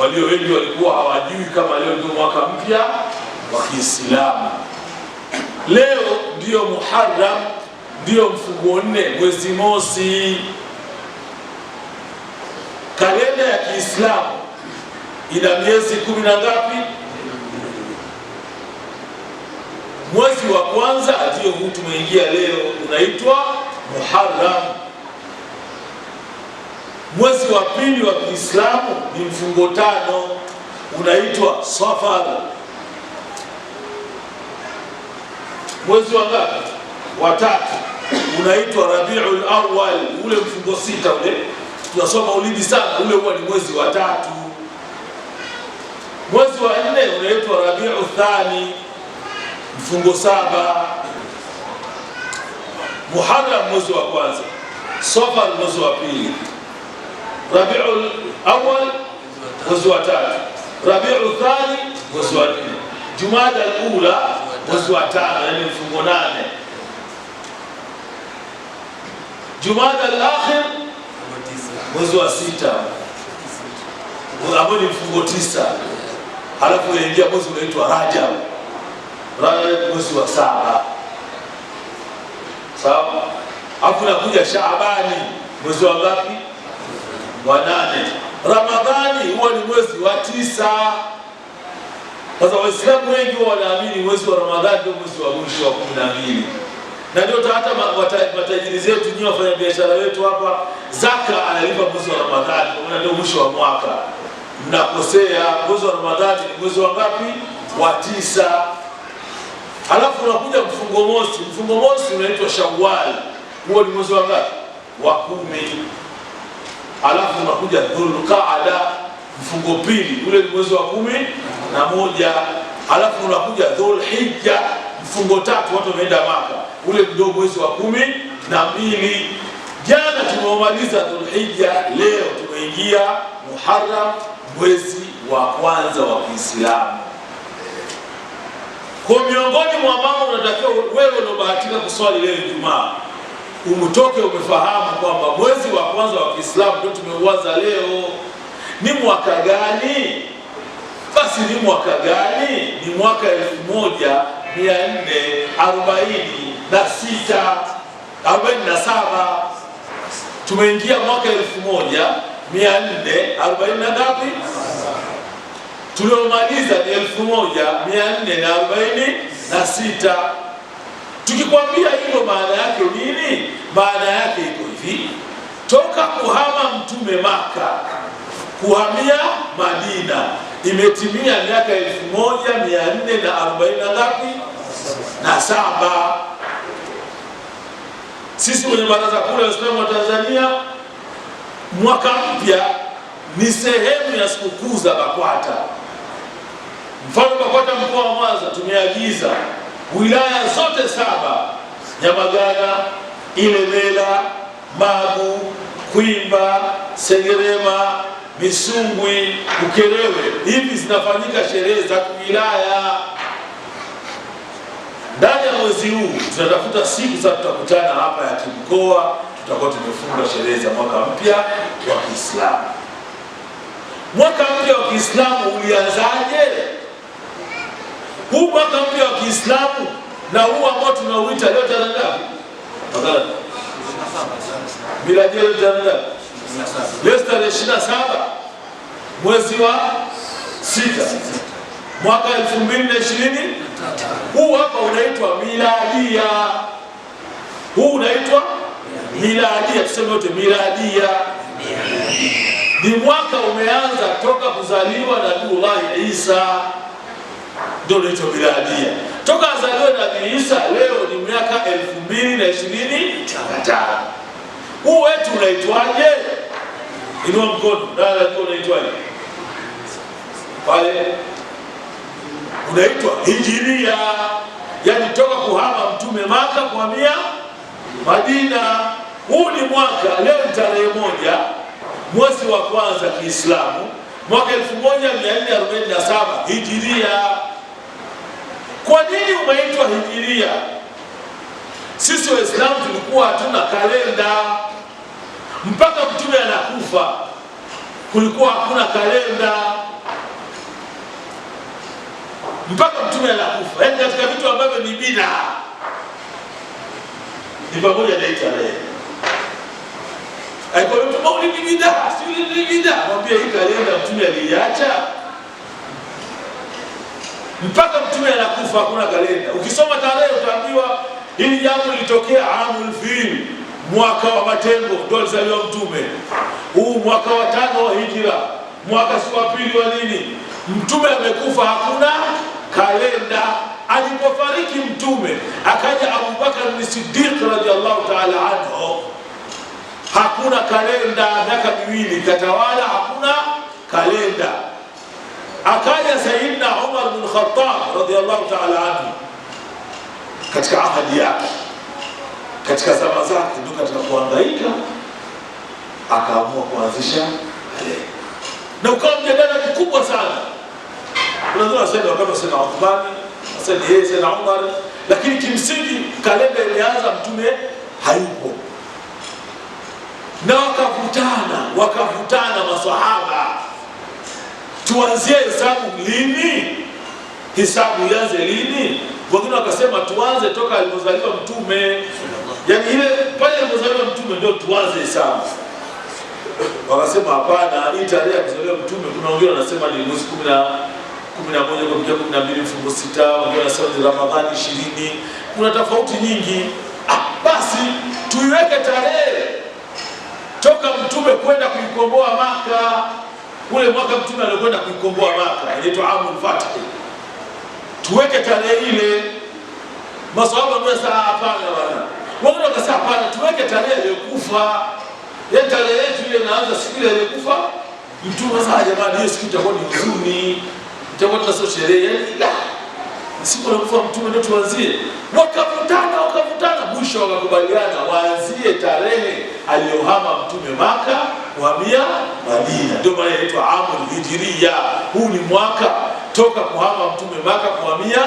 walio wengi walikuwa hawajui kama leo ndio mwaka mpya wa Kiislamu. Leo ndiyo Muharram, ndio mfungo nne, mwezi mosi. Kalenda ya Kiislamu ina miezi kumi na ngapi? Mwezi wa kwanza ndio huu tumeingia leo, unaitwa Muharram. Mwezi wa pili wa Kiislamu ni mfungo tano, unaitwa Safar. Mwezi wa ngapi? Wa tatu, unaitwa Rabiul Awwal, ule mfungo sita ule tunasoma ulidi sana, ule huwa ni mwezi wa tatu. Mwezi wa nne unaitwa Rabiul Thani, mfungo saba. Muharram mwezi wa kwanza, Safar mwezi wa pili Rabiul Awwal mwezi wa tatu, Rabiul Thani mwezi wa nne, Jumada al-Ula mwezi wa tano, yani mfungo nane, Jumada al-Akhir mwezi wa sita ambao ni mfungo tisa, halafu unaingia mwezi unaitwa Rajab, mwezi wa saba, sawa. Alafu nakuja Shaabani mwezi wa ngapi? wa nane. Ramadhani huwa ni mwezi wa tisa. Sasa Waislamu wengi huwa wanaamini mwezi wa Ramadhani ndio mwezi wa mwisho wa kumi na mbili na ndio hata matajiri zetu nyinyi wafanya biashara wetu hapa, zaka analipa mwezi wa Ramadhani, kwa maana ndio mwisho wa mwaka. Mnakosea, mwezi wa Ramadhani ni mwezi wa ngapi? Wa tisa. Alafu unakuja mfungo mosi, mfungo mosi unaitwa Shawwal, huo ni mwezi wa ngapi? Wa kumi alafu unakuja Dhulqaada mfungo pili, ule ni mwezi wa kumi na moja. Alafu unakuja Dhulhijja mfungo tatu, watu wameenda Maka, ule ndio mwezi wa kumi na mbili. Jana tumeumaliza Dhulhijja, leo tumeingia muharam mwezi wa kwanza wa Kiislamu. Kwa miongoni mwa mambo unatakiwa wewe unaobahatika kuswali leo Ijumaa, umtoke umefahamu kwamba kwanza wa Kiislamu ndio tumeuwaza leo. Ni mwaka gani? Basi ni mwaka gani? Ni mwaka 1446 moja Tumeingia mwaka elfu moja na ngapi? Tuliomaliza ni 1446. Tukikwambia hilo maana yake nini? Maana yake iko hivi toka kuhama mtume Maka kuhamia Madina imetimia miaka elfu moja mia nne na arobaini na na saba. Sisi kwenye Baraza Kuu la Waislamu wa Tanzania, mwaka mpya ni sehemu ya sikukuu za BAKWATA. Mfano, BAKWATA mkoa wa Mwanza tumeagiza wilaya zote saba, Nyamagana, Ilemela Magu, Kwimba, Sengerema, Misungwi, Ukerewe. Hivi zinafanyika sherehe za kuwilaya Ndani ya mwezi huu tunatafuta siku za tutakutana hapa ya kimkoa, tutakuwa tumefunga sherehe za mwaka mpya wa Kiislamu. Mwaka mpya wa Kiislamu ulianzaje? Huu mwaka mpya wa Kiislamu na huu ambao tunauita leo tarehe ngapi? miladi janna itaanza leo tarehe saba mwezi wa sita mwaka ishirini Huu hapa unaitwa miladia, huu unaitwa miladia, tuseme yote miladia. Ni mwaka umeanza toka kuzaliwa nabiullahi Isa, ndo unaitwa miladia toka azaliwe Nabii Isa leo ni miaka elfu mbili na ishirini Huu wetu unaitwaje? Inua mkono dada, unaitwaje? Pale unaitwa hijiria, yaani toka kuhama Mtume Maka kuhamia Madina. Huu ni mwaka leo ni tarehe moja mwezi wa kwanza Kiislamu mwaka 1447 hijiria. Kwa nini umeitwa hijiria? Sisi Waislamu tulikuwa hatuna kalenda mpaka mtume anakufa, kulikuwa hakuna kalenda mpaka mtume anakufa. yani katika vitu ambavyo ni bida ni pamoja na hii tarehe. Aiko mtu bidaa bida, ni hii kalenda mtume aliiacha mpaka mtume anakufa hakuna kalenda. Ukisoma tarehe utaambiwa hili jambo lilitokea amul fil, mwaka wa matengo ndio alizaliwa mtume, huu mwaka wa tano wa hijira, mwaka si wa pili wa nini. Mtume amekufa hakuna kalenda. Alipofariki mtume akaja Abubakar Siddiq radhiallahu taala anhu, hakuna kalenda. Miaka miwili katawala, hakuna kalenda Akaja sayidna Umar bin Khattab radhiyallahu ta'ala anhu katika ahadi yake, katika zama zake, ndio katika kuangaika akaamua kuanzisha na ukawa mjadala mkubwa sana. Unazua sana wakati sana Uthman, sana yeye sana Umar, lakini kimsingi kalenda ilianza mtume hayupo, na wakavutana wakavutana maswahaba tuanzie hesabu lini? Hesabu ianze lini? Wengine wakasema tuanze toka alipozaliwa Mtume, yaani ile pale alipozaliwa Mtume ndio tuanze hesabu. Wakasema hapana, hii tarehe ya kuzaliwa Mtume, kuna wengine wanasema ni mwezi kumi na kumi na moja kufikia kumi na mbili mfungo sita, wengine wanasema ni Ramadhani ishirini. Kuna tofauti nyingi. Ah, basi tuiweke tarehe toka Mtume kwenda kuikomboa Maka ule mwaka mtume alikwenda kuikomboa Maka, inaitwa amul fath. Tuweke tarehe ile. Masahaba ndio saa ah, hapana bwana. Wao wakasema hapana, tuweke tarehe ile kufa. Ile yaani tarehe yetu ile inaanza siku ile kufa. Mtume saa ah, jamani, hiyo siku itakuwa ni huzuni. Itakuwa tuna sherehe. Yaani, la. Siku ile kufa mtume ndio tuanzie. Wakavutana, wakavutana, mwisho wakakubaliana waanzie tarehe aliyohama mtume Maka kuhamia Madina, ndio maana inaitwa amul hijiria. Huu ni mwaka toka kuhama mtume Maka kuhamia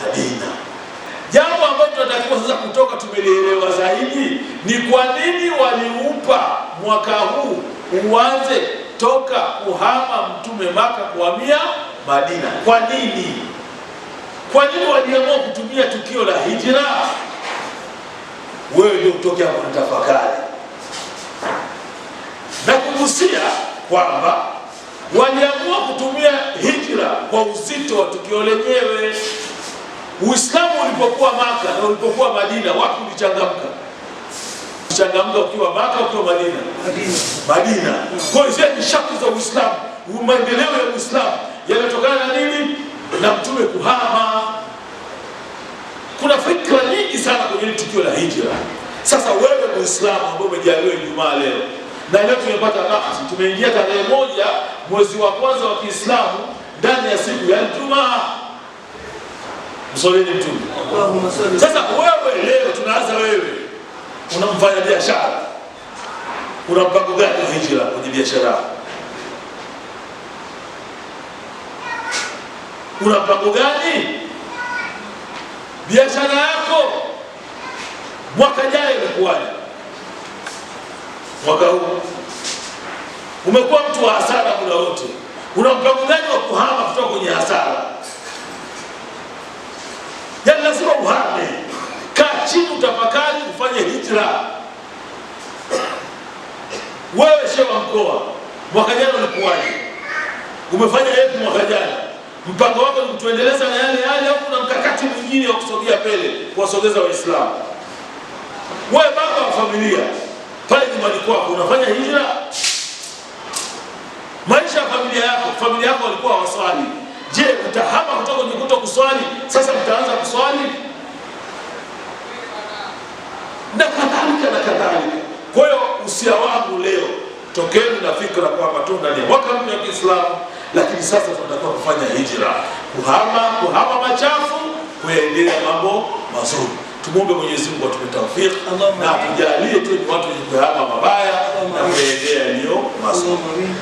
Madina. Jambo ambalo tunatakiwa sasa kutoka tumelielewa zaidi ni kwa nini waliupa mwaka huu uanze toka kuhama mtume Maka kuhamia Madina. Kwa nini? Kwa nini waliamua kutumia tukio la hijra? Wewe ndio hapo, kunitafakari Amegusia kwamba waliamua kutumia hijra kwa uzito wa tukio lenyewe. Uislamu ulipokuwa Maka na ulipokuwa Madina, watu ulichangamka? Changamka ukiwa Maka, ukiwa Madina, Madina. Kwa hiyo ni shaku za Uislamu, maendeleo ya Uislamu yanatokana na nini? Na mtume kuhama. Kuna fikra nyingi sana kwenye tukio la hijra. Sasa wewe Muislamu ambaye umejaliwa Ijumaa leo na leo tumepata wakati, tumeingia tarehe moja mwezi wa kwanza wa Kiislamu ndani ya siku ya Ijumaa. Msoleni Mtume. Sasa wewe leo, tunaanza wewe, unamfanya biashara, una mpango gani wa hijra kwenye biashara? Una mpango gani biashara yako mwaka jana ilikuwaje? mwaka huu umekuwa mtu wa hasara muda wote. Una mpango gani wa kuhama kutoka kwenye hasara? Yani lazima uhame. Kaa chini, utafakari, ufanye hijra. Wewe shehe wa mkoa, mwaka jana ulikuwaji Umefanya yetu mwaka jana? Mpango wako ni kutuendeleza na yale yale, au kuna mkakati mwingine wa kusogea pele kuwasogeza Waislamu? Wewe baba wa familia pale nyumbani kwako unafanya hijra. Maisha ya familia yako, familia yako walikuwa waswali Je, utahama kutoka kwenye kuto kuswali, sasa mtaanza kuswali na kadhalika na kadhalika. Kwa hiyo usia wangu leo, tokeni na fikra kwamba tu ndani ya mwaka mpya wa Kiislamu, lakini sasa tunatakiwa kufanya hijra, kuhama kuhama machafu, kuendelea mambo mazuri. Tumwombe Mwenyezi Mungu atupe tawfik na tujalie tu ni watu wenye kuyahama mabaya na kuyaendea yaliyo masomo.